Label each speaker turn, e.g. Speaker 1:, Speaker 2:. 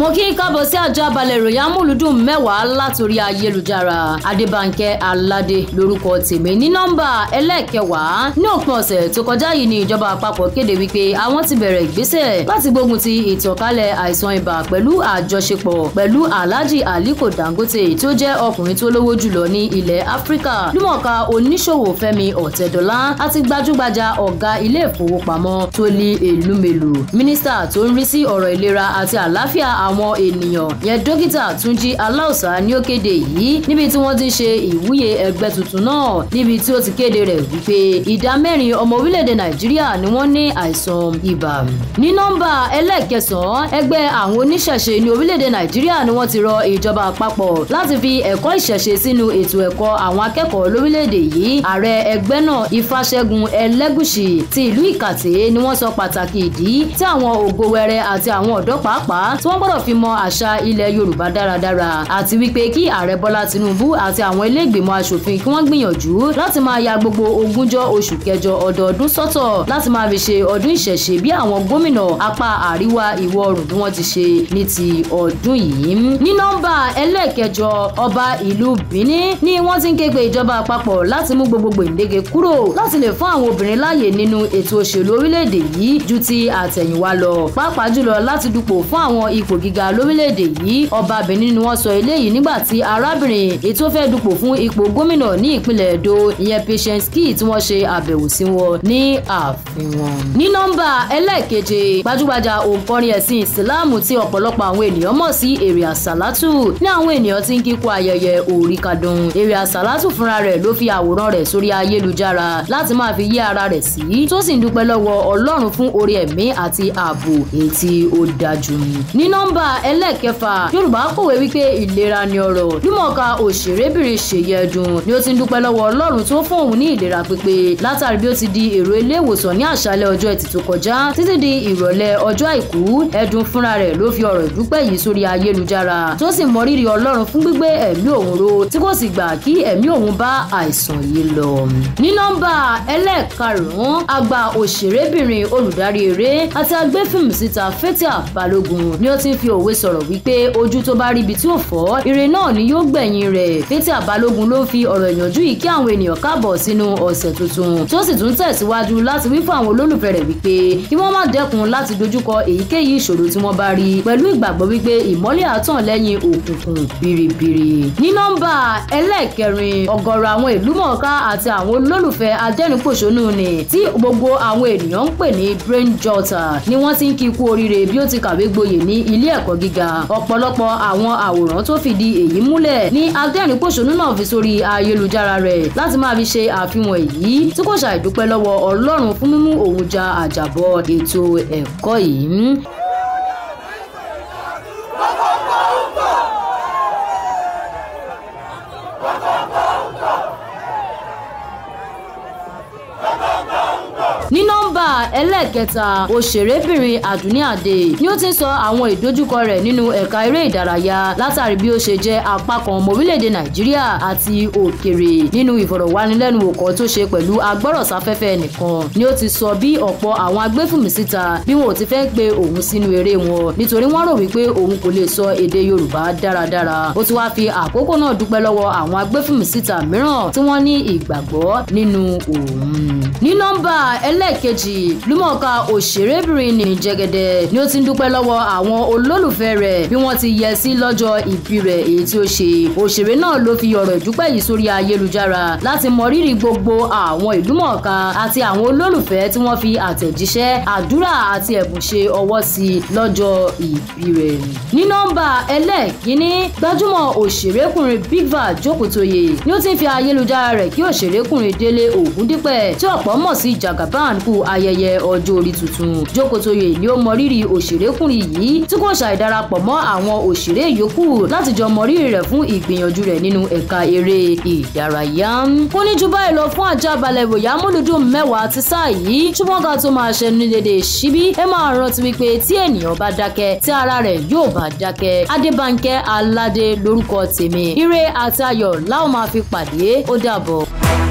Speaker 1: mo kí n kábọ̀ sí àjọ abalẹ̀ ìròyìn amúlùdùn mẹ́wàá látòrí ayélujára adébànkẹ́ aládé lórúkọ tèmi ní nọ́mbà ẹlẹ́ẹ̀kẹwàá ní òpin ọ̀sẹ̀ tó kọjá yìí ni ìjọba àpapọ̀ kéde wípé àwọn ti bẹ̀rẹ̀ ìgbésẹ̀ láti gbógun ti ìtànkálẹ̀ àìsàn ibà pẹ̀lú àjọṣepọ̀ pẹ̀lú alhaji aliko dangote tó jẹ́ ọkùnrin tó lówó jùlọ ní ilẹ̀ áfíríkà lúmọ̀ọ́ká oníṣòwò fẹ́mi ọ̀tẹ̀dọ́lá àti gbajúgbajà ọ̀gá ilé ìfowópamọ́ tó lé èlúmèlú mínísítà tó ń rí sí ọ̀rọ̀ ìlera àti àlàáfíà àwọn ènìyàn yẹn dókítà túnjí aláùsá ni ó kéde yìí níbi tí wọ́n ti ń ṣe ìwúyè ẹgbẹ́ tuntun náà níbi tí ó ti kéde rẹ̀ wípé ìdá mẹ́rin ọmọ orílẹ̀-èdè nàìjíríà ni wọ́n ní àìsàn ibà. ní nọ́mbà ẹlẹ́ẹ̀kẹsàn-án ẹgbẹ́ àwọn oníṣẹ̀ṣe ní orílẹ̀-èdè nàìjíríà ni wọ́n ti rọ ìjọba àpapọ̀ láti fi ẹ̀kọ́ ìṣẹ̀ṣe sínú ètò ẹ̀kọ́ àwọn akẹ́kọ̀ọ́ lórílẹ̀-èdè yìí ààrẹ ẹgbẹ́ náà ìfàṣẹ́gun ẹlẹ́gùṣì ti ìlú ìkàtẹ́ ni wọ́n sọ pàtàkì ìdí tí àwọn ògo àti àwọn ọ̀dọ́ pàápàá tí wọ́n gbọ́dọ̀ gbọ́dọ̀ fi mọ àṣà ilẹ̀ Yorùbá dáradára àti wípé kí ààrẹ Bọ́lá Tinubu àti àwọn ilé ìgbìmọ̀ asòfin kí wọ́n gbìyànjú láti máa ya gbogbo ogúnjọ́ oṣù kẹjọ ọdọọdún sọ́tọ̀ láti máa fi ṣe ọdún ìṣẹ̀ṣe bí àwọn gómìnà apá àríwá ìwọ̀ oòrùn bí wọ́n ti ṣe ní ti ọdún yìí. ní nọ́mbà ẹlẹ́ẹ̀kẹjọ ọba ìlú Benin ni wọ́n ti ń ké pe ìjọba àpapọ̀ láti mú gbogbo gbèǹdéke kúrò láti lè fún àwọn obìnrin láàyè nínú ètò òṣèlú orílẹ̀-èdè yìí ju ti àtẹ̀yìnwá lọ pàápàá jùlọ láti dupò fún àwọn ipò gíg gíga lórílẹ̀‐èdè yìí ọba benin ni wọ́n sọ eléyìí nígbà tí arábìnrin èyí tó fẹ́ dupò fún ipò gómìnà ní ìpínlẹ̀ èdò ìyẹn patience key tí wọ́n ṣe àbẹ̀wò sí wọn ní ààfin wọn. ní nọ́mbà ẹlẹ́ẹ̀keje gbajúgbajà òǹkọrin ẹ̀sìn ìsìláàmù tí ọ̀pọ̀lọpọ̀ àwọn ènìyàn mọ̀ sí èrè àsálátù ní àwọn ènìyàn ti ń kíkọ ayẹyẹ òrìkadùn èrè àsálátù fúnra rẹ̀ ló fi àwòrán rẹ̀ sórí ayélujára láti máa fi yí ara rẹ̀ sí tó sì ń dúpẹ́ lọ́wọ́ ọlọ́run fún oore ẹ̀mí àti ààbò èyí tí ó dájú. ní nọ́mb nọ́mbà ẹlẹ́ẹ̀kẹfà yorùbá kòwé wípé ìlera ni ọrọ̀ jùmọ̀ka òṣèrébìnrin ṣèyí ẹ̀dùn ni ó ti ń dúpẹ́ lọ́wọ́ ọlọ́run tó fún òun ní ìlera pípé látàrí bí ó ti di èrò ilé ìwòsàn ní àṣálẹ́ ọjọ́ ẹtì tó kọjá títí di ìrọ̀lẹ́ ọjọ́ àìkú ẹ̀dùn fúnra rẹ̀ ló fi ọ̀rọ̀ ìdúpẹ́ yìí sórí ayélujára tó sì mọrírì ọlọ́run fún gbígbé ẹ̀mí òun ró tí kò sì gbà kí ẹ̀mí òun bá àìsàn yìí lọ. ní nọ́mbà ẹlẹ́ẹ̀karùn-ún àgbà òṣèrébìnrin olùdarí eré àti agbéfìmù síta Fathia Balogun ni ó òwe sọ̀rọ̀ wípé ojú tó bá ríbi tí ò fọ́ ire náà ni yóò gbẹ̀yìn rẹ̀ Fathia Balógun ló fi ọ̀rọ̀ ìyànjú yìí kí àwọn ènìyàn káàbọ̀ sínú ọ̀sẹ̀ tuntun tó sì tún tẹ̀síwájú láti wí fún àwọn olólùfẹ́ rẹ̀ wípé kí wọ́n má dẹ́kun láti dojúkọ èyíkéyìí ìṣòro tí wọ́n bá rí pẹ̀lú ìgbàgbọ́ wípé ìmọ́lẹ̀ àtàn lẹ́yìn òkùnkùn biribiri. ní nọ́mbà ẹlẹ́ẹ̀kẹrin ọ̀gọ̀rọ̀ àwọn ìlúmọ̀ọ́ká àti àwọn olólùfẹ́ adẹ́rìnpòṣónú ni tí gbogbo àwọn ènìyàn ń pè ní brain jotter ni wọ́n ti ń kí ikú oríire ẹ̀kọ́ gíga ọ̀pọ̀lọpọ̀ àwọn àwòrán tó fìdí èyí múlẹ̀ ní adẹ́rìnpòṣónú náà fi sórí ayélujára rẹ̀ láti máa fi ṣe àfihàn èyí tí kò ṣàìdúpẹ́ lọ́wọ́ ọlọ́run fún mímú òun ja àjàbọ̀ ètò ẹ̀kọ́ yìí ní nọ́mbà ẹlẹ́ẹ̀kẹta òṣèrébìnrin àdúní àdè ni ó ti ń sọ àwọn ìdojúkọ rẹ̀ nínú ẹ̀ka eré ìdárayá látàrí bí ó ṣe jẹ́ apá kan ọmọ orílẹ̀-èdè nàìjíríà àti òkèrè nínú ìfọ̀rọ̀wánilẹ́nuwò kan tó ṣe pẹ̀lú agbọ́rọ̀sáfẹ́fẹ́ nìkan ni ó ti sọ bí ọ̀pọ̀ àwọn agbẹ́fùmísíta bí wọn ò ti fẹ́ pe òun sínú eré wọn nítorí wọ́n rò wípé òun kò lè sọ èdè yorùbá dáradára ó ti wá fi àkókò náà dúpẹ́ lọ́wọ́ àwọn agbẹ́fùmísíta mìíràn tí wọ́n ní ìgbàgbọ́ nínú òun ní nọ́mbà ẹl ẹlẹ́ẹ̀kejì lúmọ̀ọ́ká òṣèrébìnrin ní jẹ́gẹ́dẹ́ ni ó ti ń dúpẹ́ lọ́wọ́ àwọn olólùfẹ́ rẹ̀ bí wọ́n ti yẹ sí lọ́jọ́ ìbí rẹ̀ èyí tí ó ṣe òṣèré náà ló fi ọ̀rọ̀ ìdúpẹ́ yìí sórí ayélujára láti mọrírì gbogbo àwọn ìlúmọ̀ọ́ká àti àwọn olólùfẹ́ tí wọ́n fi àtẹ̀jíṣẹ́ àdúrà àti ẹ̀bùn ṣe ọwọ́ sí lọ́jọ́ ìbí rẹ̀ ní nọ́mbà ẹlẹ́ẹ̀kínní gbajúmọ̀ òṣèrékùnrin Bigva Jókòtóyè ni ó ti ń fi ayélujára rẹ̀ kí òṣèrékùnrin Délé Ògúndípẹ̀ tí ọ̀pọ̀ mọ̀ sí Jagaban Rahman kú ayẹyẹ ọjọ́ orí tuntun Jókòtóyè ni ó mọrírì òṣèrékùnrin yìí tí kò ṣàì darapọ̀ mọ́ àwọn òṣèré yòókù láti jọ mọrírì rẹ̀ fún ìgbìyànjú rẹ̀ nínú ẹ̀ka eré ìdárayá kò ní ju báyìí lọ fún àjàbalẹ̀ ìròyìn amúlùdùn mẹ́wàá ti sáà yìí ṣùgbọ́n ká tó máa ṣẹnu ní dédé ṣíbí ẹ máa rántí wípé tí ènìyàn bá dákẹ́ tí ara rẹ̀ yóò bá dákẹ́ Adébánkẹ́ Aládé lórúkọ tèmi ire àtayọ̀ láwọn máa fi pàdé ó dàbọ̀.